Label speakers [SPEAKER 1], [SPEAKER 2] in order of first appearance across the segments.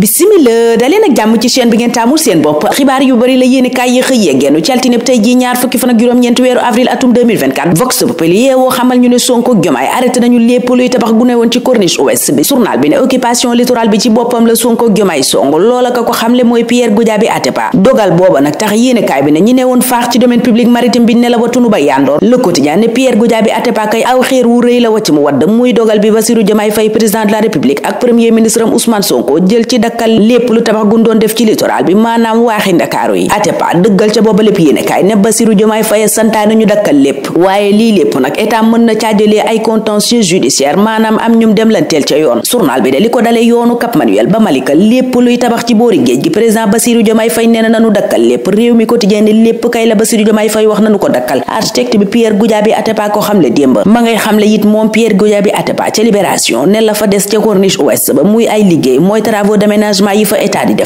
[SPEAKER 1] bisimila daleen ak jàmm ci chaîne bi ngeen taamul seen bopp xibaar yu bari la yéene kaay yi xëy yendu ci altine tey ji ñaar fukki fan ak juróom-ñeenti weeru avril atum bi ci boppam la Sonko Jomaay song loola ko xamle mooy Pierre Goudiaby Atepa dogal booba nag tax yéene kaay bi ne ñi ne woon faax ci domaine public maritime bi ne la watunu ba yandoor le quotidien ne Pierre Goudiaby Atepa kay aw xeer wu rëy la wacc mu wadd muy dogal bi dakkal lépp lu tabax gun doon def ci littoral bi maanaam waaxi ndakaaru yi atepa dëggal ca booba lépp yéenekaay ne Bassirou Diomaye Faye santaane ñu dakkal lépp réew mi quotidien ni lépp kay la Bassirou Diomaye Faye wax nanu ko dakkal architecte bi Pierre Goudiaby Atepa ko xamle démb ma xamle it moom Pierre Goudiaby Atepa ca Libération ne fa des ca corniche ouest ba muy ay liggéey mooy travaux domaine aménagement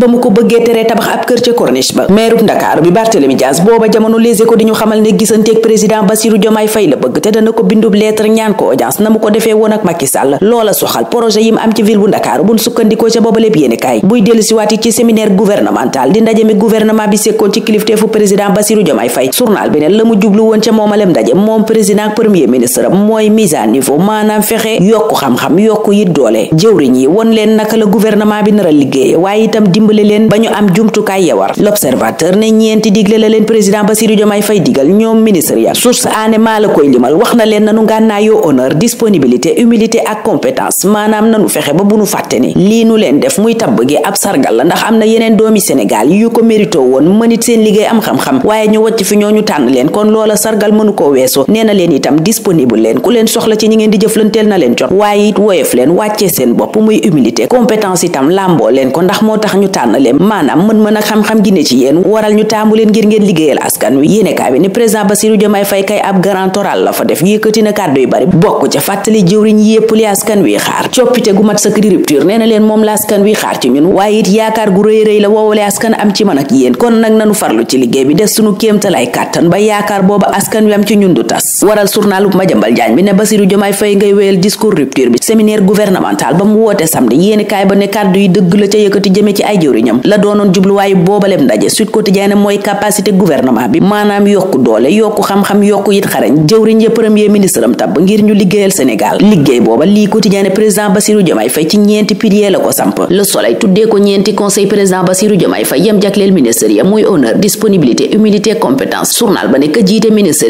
[SPEAKER 1] ba mu ko bëggee teree tabax ab kër ca corniche ba mairub Ndakaaru bi Barthélemy booba jamono Les Échos di ñu xamal ne gisanteeg président Bassirou Diomaye Faye la bëgg te dana ko bindub lettre ñaan ko audience na mu ko defee woon ak Macky loola soxal projet yim am ci ville bu Ndakaaru buñ sukkandikoo ca booba lépp yéene kaay buy dellu siwaat delluwaati ci séminaire gouvernemental di ndaje mi gouvernement bi sekkoon ci kilifteefu président Bassirou Diomaye Faye journal bi ne la mu woon ca moomalem ndaje moom président ak premier ministre mooy mise maanaam fexe yokku xam-xam yokku yit doole jëwriñ yi won leen naka la gouvernement bi nar a liggéeye waaye itam dimbale leen ba ñu am jumtukaay yawar l'observateur ne ñeenti digle la leen président Bassirou Diomaye Faye digal ñoom ministre ya source aane maa la koy limal wax na leen nanu ngànnaayoo honneur disponibilité humilité ak compétence maanaam nanu fexe ba bu nu fàtte ni lii nu leen def muy tabb gi ak sargal la ndax am na yeneen doomi Sénégal yu ko mérito woon mënit seen liggéey am xam-xam waaye ñu wàcc fi ñu tànn leen kon loola sargal mënu koo weesu nee na leen itam disponible leen ku leen soxla ci ñi ngeen di jëflanteel na leen jot waaye it woyof leen wàccee seen bopp muy humilité compétence itam làmboo leen ko ndax moo tax ñu tànn leen maanaam mën-mën ak xam-xam ne ci yéen waral ñu taamu leen ngir ngeen liggéeyal askan wi yéenekaay bi ne président Bassirou Diomaye Faye kay ab grand oral la fa def yëkkati na kàddu yu bari bokk ca fàttali jëwriñ yépp li askan wi xaar coppite gu mat sëkk di rupture nee leen moom la askan wi xaar ci ñun waaye it yaakaar gu rëy rëy la woowale askan am ci bi des sunu kéemtalaay kàttan ba yaakaar booba askan wi am ci ñun du tas waral journal bi ne Bassirou Diomaye Faye ngay wéyal discours rupture bi séminaire gouvernemental ba mu woote samedi yéeni kaay ba ne kàddu yi dëgg la ca yëkkati jëme ci ay jëwriñam la doonoon jubluwaayu boobalem ndaje Sud Quotidien ne mooy capacité gouvernement bi maanaam yokku doole yokku xam-xam yokku yit xarañ jëwriñ ya premier ministre am tabb ngir ñu liggéeyal Sénégal liggéey booba lii Quotidien ne président Bassirou Diomaye Faye ci ñeenti pilier la ko samp Le Soleil tuddee ko ñeenti conseil président Bassirou Diomaye Faye yam jagleel ministre ya muy honneur disponibilité humilité compétence journal ba ne ka yi yeggee ministre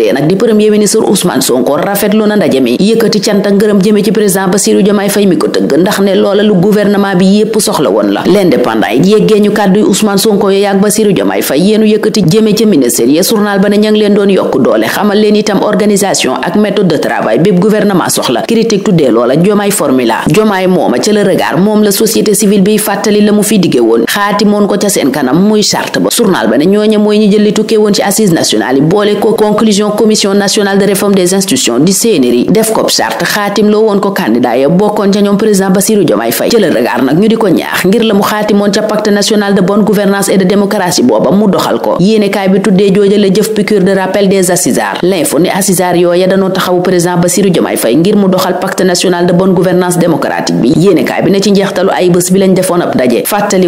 [SPEAKER 1] ya journal ba ne ña leen doon yokk doole xamal leen itam organisation ak méthode de travail bépp gouvernement soxla critique tuddee loola Diomaye formula Diomaye mooma ca la regard moom la société civile bi fàttali la mu fi digge tukkee woon xaatimoon ko ca seen kanam muy charte ba journal ba ne ñooñe mooy ñi jël tukkee woon ci assises nationales boole conclusion commission nationale de réforme des institutions di CNRI def ko charte xaatim loo woon ko candidat bokkoon ca ñoom président Bassirou Diomaye Faye jëlal regard nag ñu di ko ñaax ngir la mu xaatimoon ca pacte national de bonne gouvernance et de démocratie booba mu doxal ko yéenekaay bi tuddee joojale jëf piqûre de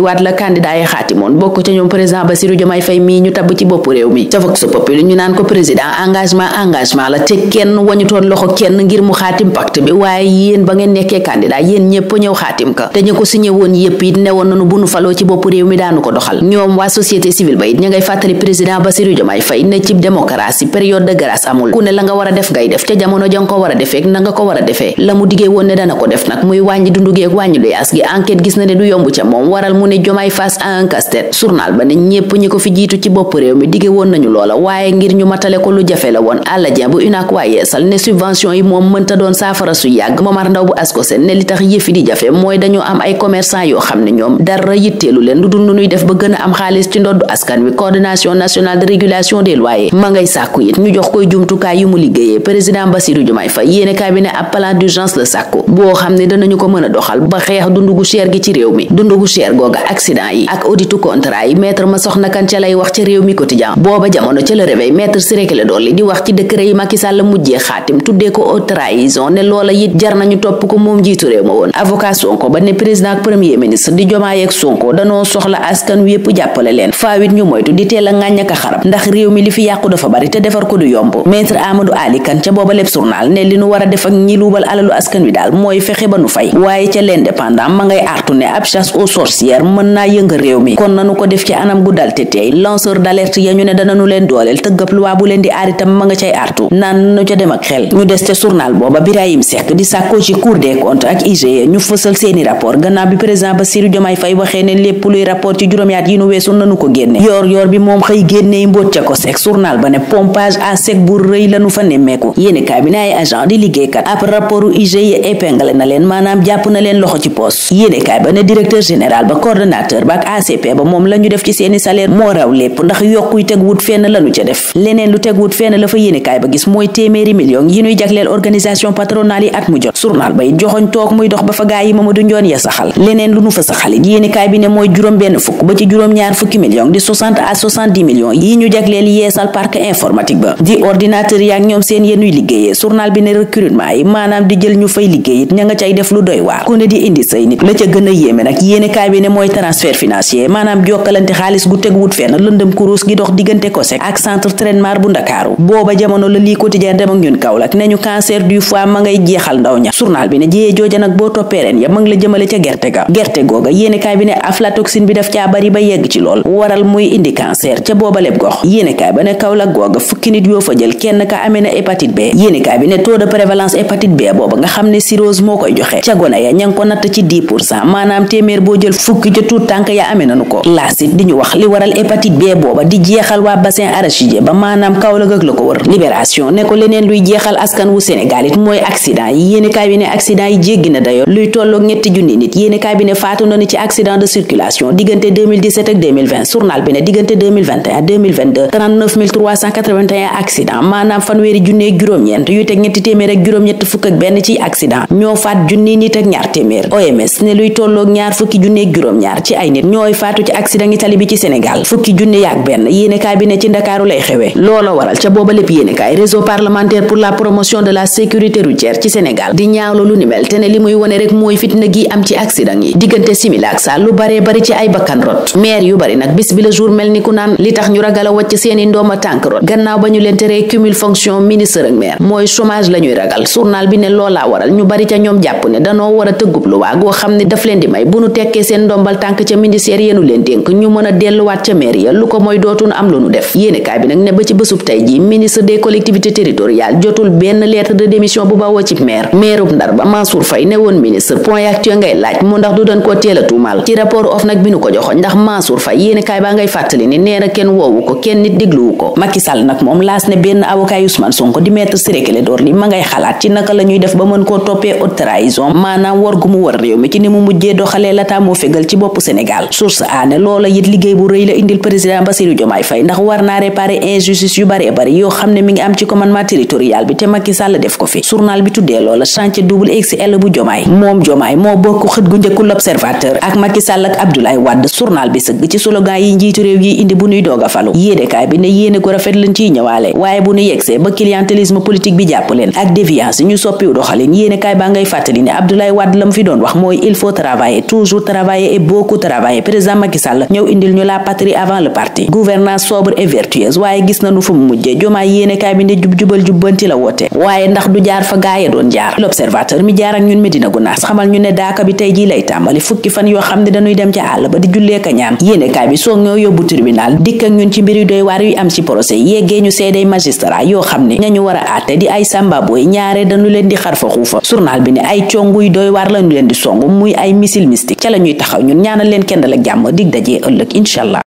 [SPEAKER 1] waat la candidat xaatimoon bokk ca ñoom président Bassirou Diomaye Faye mii ñu tabb ci bopp réew mi ca vox populi ñu naan ko président engagement engagement la te ba ngeen nekkee ne cib démocratie période de grâce amul ku ne la nga war a def ngay def ca jamono jang ko war a defeek na nga ko war a la mu diggee woon ne dana def nag muy wàññi dundugeeg wàññi lu yaas gi enquête gis na ne du yomb ca moom waral mu ne Diomaye face à un casse-tête ba ne ñépp ñi ko fi jiitu ci bopp réew mi dige woon nañu loola waaye ngir ñu matale ko lu jafe la woon àlla jeen bu unaak waa yeesal ne subvention yi moom mënta doon saafara su yàgg Momar Ndaw bu askosen li tax yëfi di jafe mooy dañoo am ay commerçant yoo xam ne ñoom dara yitteelu leen lu dul nu def ba gën am xaalis ci ndoddu askan wi coordination nationale de régulation des loyers ma ngay sàkku it ñu jox koy jumtukaay yi mu liggéeyee président Bassirou Diomaye Faye yéene cabinet ab plan d'urgence la sàkku boo xam ne danañu ko mën a doxal ba xeex dundu gu cher gi ci réew mi dundu cher googa accident yi ak auditu contrat yi maître ma soxna kan ci lay wax ci rew mi quotidien boba jamono ci le réveil maître le dolli di wax ci deuk yi Macky Sall mujjé khatim tuddé ko au trahison ne lola yit jar nañu top ko mom jitu rew ma won avocat Sonko ba né président premier ministre di jomaay ak Sonko dano soxla askan wi yépp len len faawit ñu moytu di téla a ka ak xarab ndax rew mi li fi yaqku dafa bari té défar ko du yomb maître Amadou Ali kan ca boba lepp journal ne li nu wara def ak ñi luubal alalu askan wi dal moy fexé ba nu fay waye ca l'indépendant ma ngay artu né ab chasse aux guerre mën naa yënga réew mi kon nanu ko def ci anam gu dal te teey lanceur d'alerte ya ñu ne dananu leen dooleel tëggab luwaa bu leen di aar itam ma nga cay artu naan nanu ca dem ak xel ñu des ca journal booba Birahim Seck di sàkkoo ci cour des comptes ak IGE ñu fësal seeni rapport gannaaw bi président Bassirou Diomaye juróom-yaat yi nu weesu nanu ko génne yoor yoor bi moom xëy génney mbóot ca ko sec journal ba ne pompage à sec bu rëy lanu fa ne ay agent kaay coordonnateur ba ak ACP ba moom la def ci seeni salaire moo raw lépp ndax yokkuy teg wut fenn la ca def leneen lu teg wut fenn la fa yéenekaay ba gis mooy téeméeri millions yi ñu jagleel yeesal parc informatique ba di ordinateur yaak ñoom seen yenuy liggéeyee journal bi ne recrutement yi maanaam di jël ñu fay liggéeyit ña nga cay def lu doy waar ku ne di indi say nit la ca gën a yéeme nag yéenekaay bi ne mooy mooy transfert financier maanaam jokkalante xaalis gu teguwut fenn lëndëm kuruus gi dox diggante COSEC ak centre traitement bu ndakaaru booba jamono la lii quotidien dem ak ñun Kaolack ne ñu cancer bi ne jiyee jooja nag boo toppee ya ma la jëmale ca gerte googa yéenekaay bi ne aflatoxine bi daf caa bari ba yegg ci lool waral muy indi cancer ca booba leb gox yéenekaay bi ne taux de prévalence hépatite B booba nga xam ne cirrhose moo koy joxe ca tuut tànk yaa amee nanu ko laasit di ñu wax li waral hépatite B booba di jeexal waa bassin arachidier ba maanaam Kaolack ak la ko wër libération ne leneen luy jeexal askan wu Sénégal it mooy accident yi yéeni bi ne accident yi jéggi na dayo luy tolloog ñetti junni nit yéeni kaay bi ne faatu na ni ci accident de circulation diggante 2017 ak 2020 journal bi ne diggante 2021 2022 39 maanaam fanweeri junni juróom-ñeent yu teg ñetti téeméer ak juróom-ñett fukk ak benn ci accident ñoo faat junni nit ñaar ci ay nit ñoy faatu ci accident yi tali bi ci sénégal fukki junne yak ben yene kay bi ne ci Dakarou lay xewé waral ca bobu lepp yene kay réseau parlementaire pour la promotion de la sécurité routière ci sénégal di ñaawlo lu ni mel té né li muy rek moy fitna gi am ci accident yi digënté simila ak sa lu bari bari ci ay bakkan rot maire yu bari nak bis bi le jour mel ku naan li tax ñu ragala wacc seeni ndoma tank rot gannaaw bañu ñu téré cumul fonction ministre ak maire moy chômage lañuy ragal journal bi ne loola waral ñu bari ca ñom japp ne dañoo wara teggup lu daf leen di may bu nu seen ndomba ndomal tank ci ministère yenu len denk ñu mëna a wat ci maire ya lu ko moy dootun am lu def yene kay bi nak ne ba ci bésub tay ji ministre des collectivités territoriales jotul ben lettre de démission bu bawo ci maire mairub ndar ba mansour fay ne won ministre point ci ya ngay laaj mu ndax du dañ ko teel ci rapport of nak binu ko joxo ndax mansour fay yene kay ba ngay fatali ni neena ken woowu ko ken nit diglu ko Macky Sall nak mom las ne ben avocat Ousmane Sonko di maître Ciré dor li ma ngay xalat ci naka lañuy def ba mën ko topé haute trahison maanaam war gu mu war réew mi ci ni mu lata mo fegal ci bopp Sénégal source aane loola it liggéey bu rëy la indil président Bassirou Diomaye Faye ndax war naa réparer injustice yu bare bari yoo xam ne mi ngi am ci commandement territorial bi te Macky Sall def ko fi journal bi tuddee loola chantier double XL bu Diomaye moom Diomaye moo bokk xët gu njëkku l'observateur ak Macky Sall ak Abdoulaye Wade journal bi sëgg ci slogan yi njiitu réew yi indi bu nuy doog a falu yéenekaay bi bi ne Abdoulaye Wade la mu beaucoup travaillé président Macky Sall ñëw indil ñu la patrie avant le parti gouvernance sobre et vertueuse waaye gis nañu fu mu mujjee jomaay yéene bi ne jub ñaan yéene bi soog ñoo yóbbu tribunal dikk ñun ci mbir yu doy waar yu am ci procès yeggee ñu seeday magistrat yoo xam ne ñañu war a di ay sàmbaboy ñaare dañu leen di xar fa xuufa journal bi ne ay conguy doy waar lañu leen di song muy ay missile mystique ca la ñuy taxaw ñun ñaanal leen kenn dal ak jàmm daje dajee ëllëg incha allah